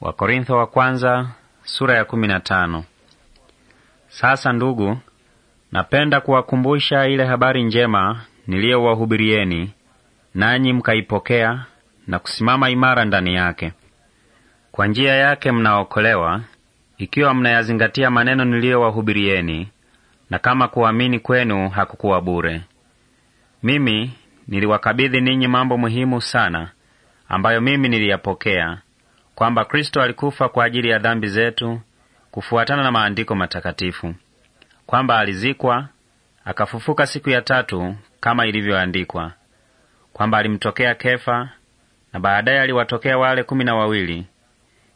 Wakorintho wa kwanza, sura ya kumi na tano. Sasa ndugu, napenda kuwakumbusha ile habari njema niliyowahubirieni, nanyi mkaipokea na kusimama imara ndani yake. Kwa njia yake mnaokolewa, ikiwa mnayazingatia maneno niliyowahubirieni, na kama kuamini kwenu hakukuwa bure. Mimi niliwakabidhi ninyi mambo muhimu sana ambayo mimi niliyapokea kwamba Kristo alikufa kwa ajili ya dhambi zetu kufuatana na maandiko matakatifu, kwamba alizikwa akafufuka siku ya tatu kama ilivyoandikwa, kwamba alimtokea Kefa na baadaye aliwatokea wale kumi na wawili.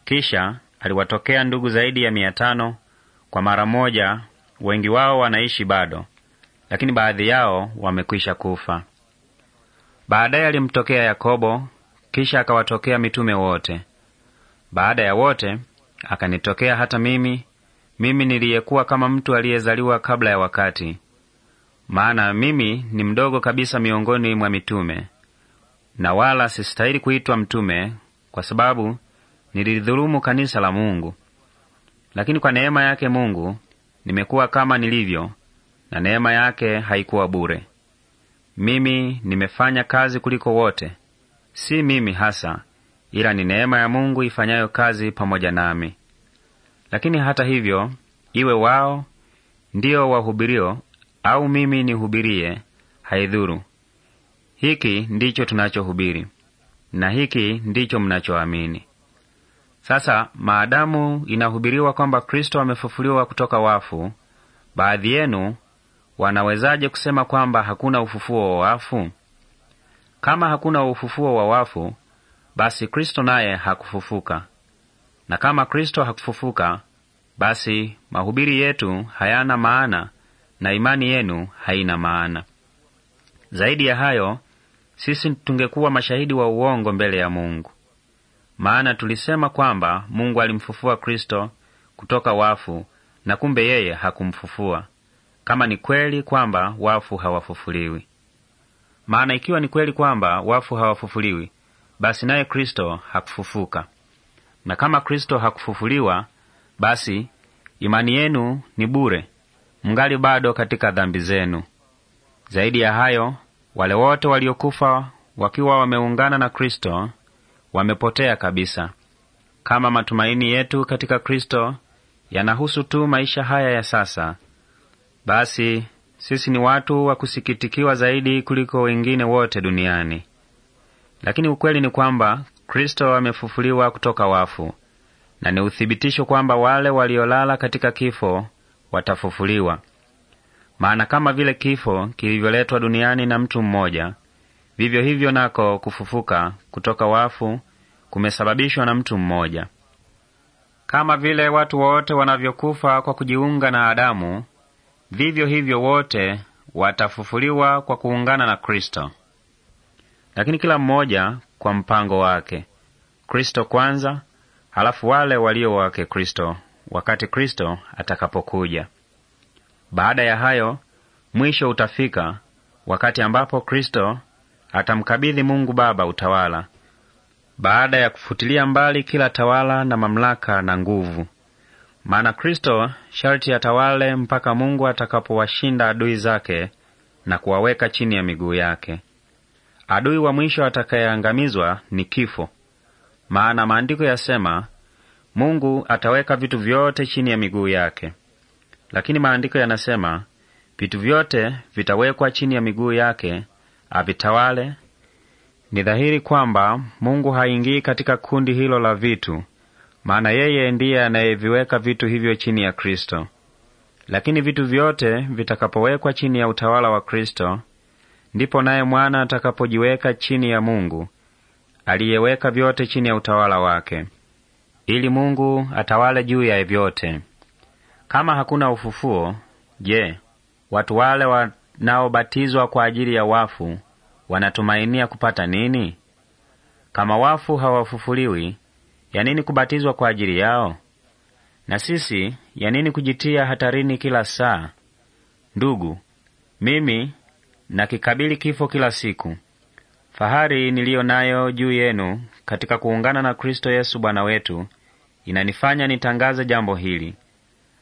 Kisha aliwatokea ndugu zaidi ya mia tano kwa mara moja. Wengi wao wanaishi bado, lakini baadhi yao wamekwisha kufa. Baadaye alimtokea Yakobo, kisha akawatokea mitume wote. Baada ya wote akanitokea hata mimi, mimi niliyekuwa kama mtu aliyezaliwa kabla ya wakati, maana mimi ni mdogo kabisa miongoni mwa mitume, na wala sistahili kuitwa mtume, kwa sababu nilidhulumu kanisa la Mungu. Lakini kwa neema yake Mungu nimekuwa kama nilivyo, na neema yake haikuwa bure. Mimi nimefanya kazi kuliko wote, si mimi hasa ila ni neema ya Mungu ifanyayo kazi pamoja nami. Lakini hata hivyo, iwe wao ndiyo wahubirio au mimi nihubirie, haidhuru. Hiki ndicho tunachohubiri na hiki ndicho mnachoamini. Sasa maadamu inahubiriwa kwamba Kristo amefufuliwa kutoka wafu, baadhi yenu wanawezaje kusema kwamba hakuna ufufuo wa wafu? Kama hakuna ufufuo wa wafu, basi Kristo naye hakufufuka. Na kama Kristo hakufufuka, basi mahubiri yetu hayana maana na imani yenu haina maana. Zaidi ya hayo, sisi tungekuwa mashahidi wa uongo mbele ya Mungu, maana tulisema kwamba Mungu alimfufua Kristo kutoka wafu, na kumbe yeye hakumfufua, kama ni kweli kwamba wafu hawafufuliwi. Maana ikiwa ni kweli kwamba wafu hawafufuliwi, basi naye Kristo hakufufuka. Na kama Kristo hakufufuliwa, basi imani yenu ni bure, mngali bado katika dhambi zenu. Zaidi ya hayo, wale wote waliokufa wakiwa wameungana na Kristo wamepotea kabisa. Kama matumaini yetu katika Kristo yanahusu tu maisha haya ya sasa, basi sisi ni watu wa kusikitikiwa zaidi kuliko wengine wote duniani. Lakini ukweli ni kwamba Kristo amefufuliwa kutoka wafu, na ni uthibitisho kwamba wale waliolala katika kifo watafufuliwa. Maana kama vile kifo kilivyoletwa duniani na mtu mmoja, vivyo hivyo nako kufufuka kutoka wafu kumesababishwa na mtu mmoja. Kama vile watu wote wanavyokufa kwa kujiunga na Adamu, vivyo hivyo wote watafufuliwa kwa kuungana na Kristo lakini kila mmoja kwa mpango wake. Kristo kwanza, halafu wale walio wake Kristo wakati Kristo atakapokuja. Baada ya hayo, mwisho utafika wakati ambapo Kristo atamkabidhi Mungu Baba utawala, baada ya kufutilia mbali kila tawala na mamlaka na nguvu. Maana Kristo sharti atawale mpaka Mungu atakapowashinda adui zake na kuwaweka chini ya miguu yake. Adui wa mwisho atakayeangamizwa ni kifo, maana maandiko yasema Mungu ataweka vitu vyote chini ya miguu yake. Lakini maandiko yanasema vitu vyote vitawekwa chini ya miguu yake avitawale. Ni dhahiri kwamba Mungu haingii katika kundi hilo la vitu, maana yeye ndiye anayeviweka vitu hivyo chini ya Kristo. Lakini vitu vyote vitakapowekwa chini ya utawala wa Kristo Ndipo naye mwana atakapojiweka chini ya Mungu aliyeweka vyote chini ya utawala wake, ili Mungu atawale juu ya vyote. Kama hakuna ufufuo, je, watu wale wanaobatizwa kwa ajili ya wafu wanatumainia kupata nini? Kama wafu hawafufuliwi, ya nini kubatizwa kwa ajili yao? Na sisi ya nini kujitia hatarini kila saa? Ndugu, mimi na kikabili kifo kila siku. Fahari niliyo nayo juu yenu katika kuungana na Kristo Yesu Bwana wetu inanifanya nitangaze jambo hili.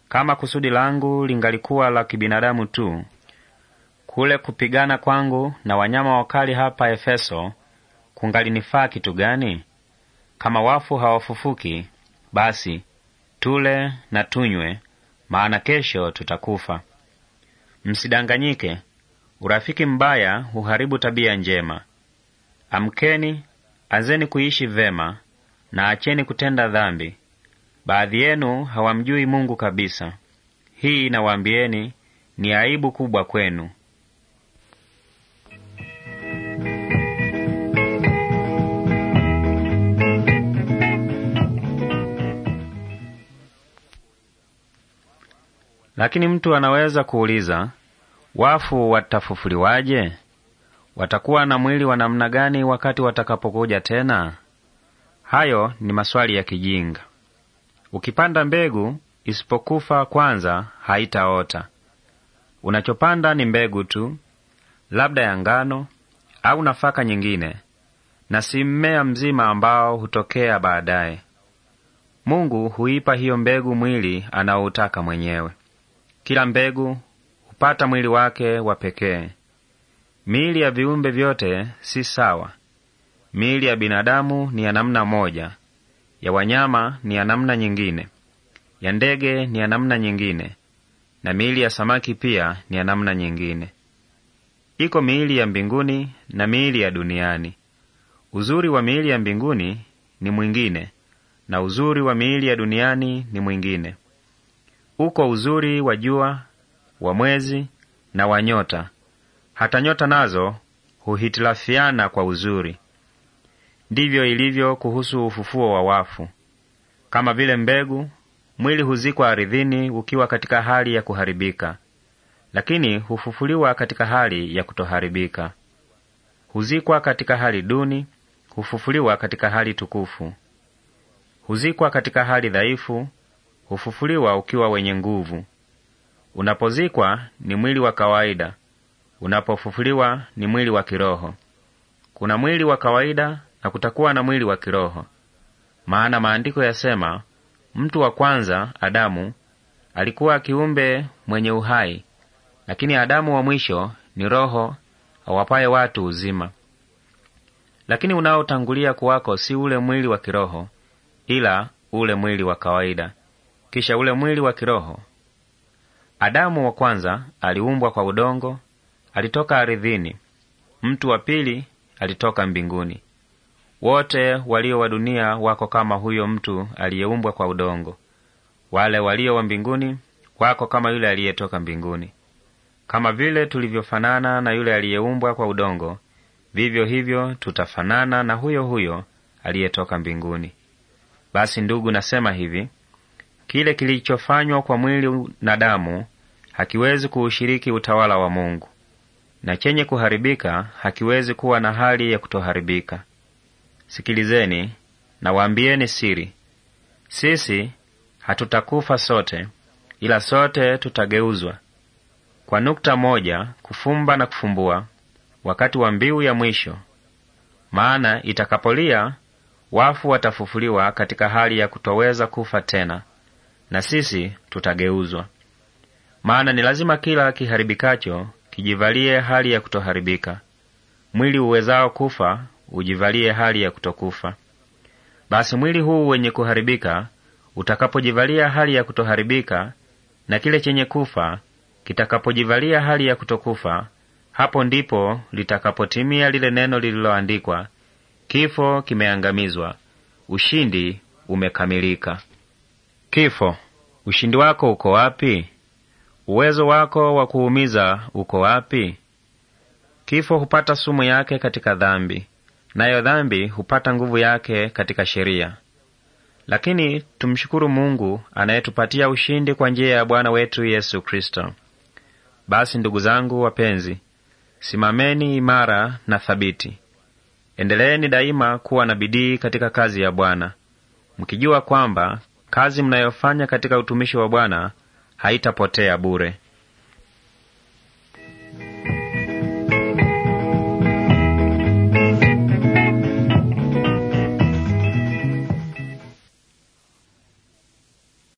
Kama kusudi langu lingalikuwa la kibinadamu tu, kule kupigana kwangu na wanyama wakali hapa Efeso kungalinifaa kitu gani? Kama wafu hawafufuki, basi tule na tunywe, maana kesho tutakufa. Msidanganyike. Urafiki mbaya huharibu tabia njema. Amkeni, anzeni kuishi vema na acheni kutenda dhambi. Baadhi yenu hawamjui Mungu kabisa. Hii nawaambieni ni aibu kubwa kwenu. Lakini mtu anaweza kuuliza, Wafu watafufuliwaje? Watakuwa na mwili wa namna gani wakati watakapokuja tena? Hayo ni maswali ya kijinga. Ukipanda mbegu isipokufa kwanza, haitaota. Unachopanda ni mbegu tu, labda ya ngano au nafaka nyingine, na si mmea mzima ambao hutokea baadaye. Mungu huipa hiyo mbegu mwili anaoutaka mwenyewe. Kila mbegu kupata mwili wake wa pekee. Miili ya viumbe vyote si sawa. Miili ya binadamu ni ya namna moja, ya wanyama ni ya namna nyingine, ya ndege ni ya namna nyingine, na miili ya samaki pia ni ya namna nyingine. Iko miili ya mbinguni na miili ya duniani. Uzuri wa miili ya mbinguni ni mwingine, na uzuri wa miili ya duniani ni mwingine. Uko uzuri wa jua wa mwezi na wa nyota. Hata nyota nazo huhitilafiana kwa uzuri. Ndivyo ilivyo kuhusu ufufuo wa wafu. Kama vile mbegu, mwili huzikwa ardhini ukiwa katika hali ya kuharibika, lakini hufufuliwa katika hali ya kutoharibika. Huzikwa katika hali duni, hufufuliwa katika hali tukufu. Huzikwa katika hali dhaifu, hufufuliwa ukiwa wenye nguvu. Unapozikwa ni mwili wa kawaida, unapofufuliwa ni mwili wa kiroho. Kuna mwili wa kawaida na kutakuwa na mwili wa kiroho. Maana maandiko yasema, mtu wa kwanza Adamu alikuwa kiumbe mwenye uhai, lakini Adamu wa mwisho ni roho awapaye watu uzima. Lakini unaotangulia kuwako si ule mwili wa kiroho, ila ule mwili wa kawaida. Kisha ule mwili wa kiroho Adamu wa kwanza aliumbwa kwa udongo, alitoka aridhini. Mtu wa pili alitoka mbinguni. Wote walio wa dunia wako kama huyo mtu aliyeumbwa kwa udongo. Wale walio wa mbinguni wako kama yule aliyetoka mbinguni. Kama vile tulivyofanana na yule aliyeumbwa kwa udongo, vivyo hivyo tutafanana na huyo huyo aliyetoka mbinguni. Basi ndugu, nasema hivi: Kile kilichofanywa kwa mwili na damu hakiwezi kuushiriki utawala wa Mungu, na chenye kuharibika hakiwezi kuwa na hali ya kutoharibika. Sikilizeni nawaambieni siri, sisi hatutakufa sote, ila sote tutageuzwa kwa nukta moja, kufumba na kufumbua, wakati wa mbiu ya mwisho. Maana itakapolia wafu watafufuliwa katika hali ya kutoweza kufa tena, na sisi tutageuzwa. Maana ni lazima kila kiharibikacho kijivalie hali ya kutoharibika, mwili uwezao kufa ujivalie hali ya kutokufa. Basi mwili huu wenye kuharibika utakapojivalia hali ya kutoharibika, na kile chenye kufa kitakapojivalia hali ya kutokufa, hapo ndipo litakapotimia lile neno lililoandikwa, kifo kimeangamizwa, ushindi umekamilika. Kifo, ushindi wako uko wapi? Uwezo wako wa kuumiza uko wapi? Kifo hupata sumu yake katika dhambi, nayo dhambi hupata nguvu yake katika sheria. Lakini tumshukuru Mungu anayetupatia ushindi kwa njia ya Bwana wetu Yesu Kristo. Basi ndugu zangu wapenzi, simameni imara na thabiti. Endeleeni daima kuwa na bidii katika kazi ya Bwana, mkijua kwamba Kazi mnayofanya katika utumishi wa Bwana haitapotea bure.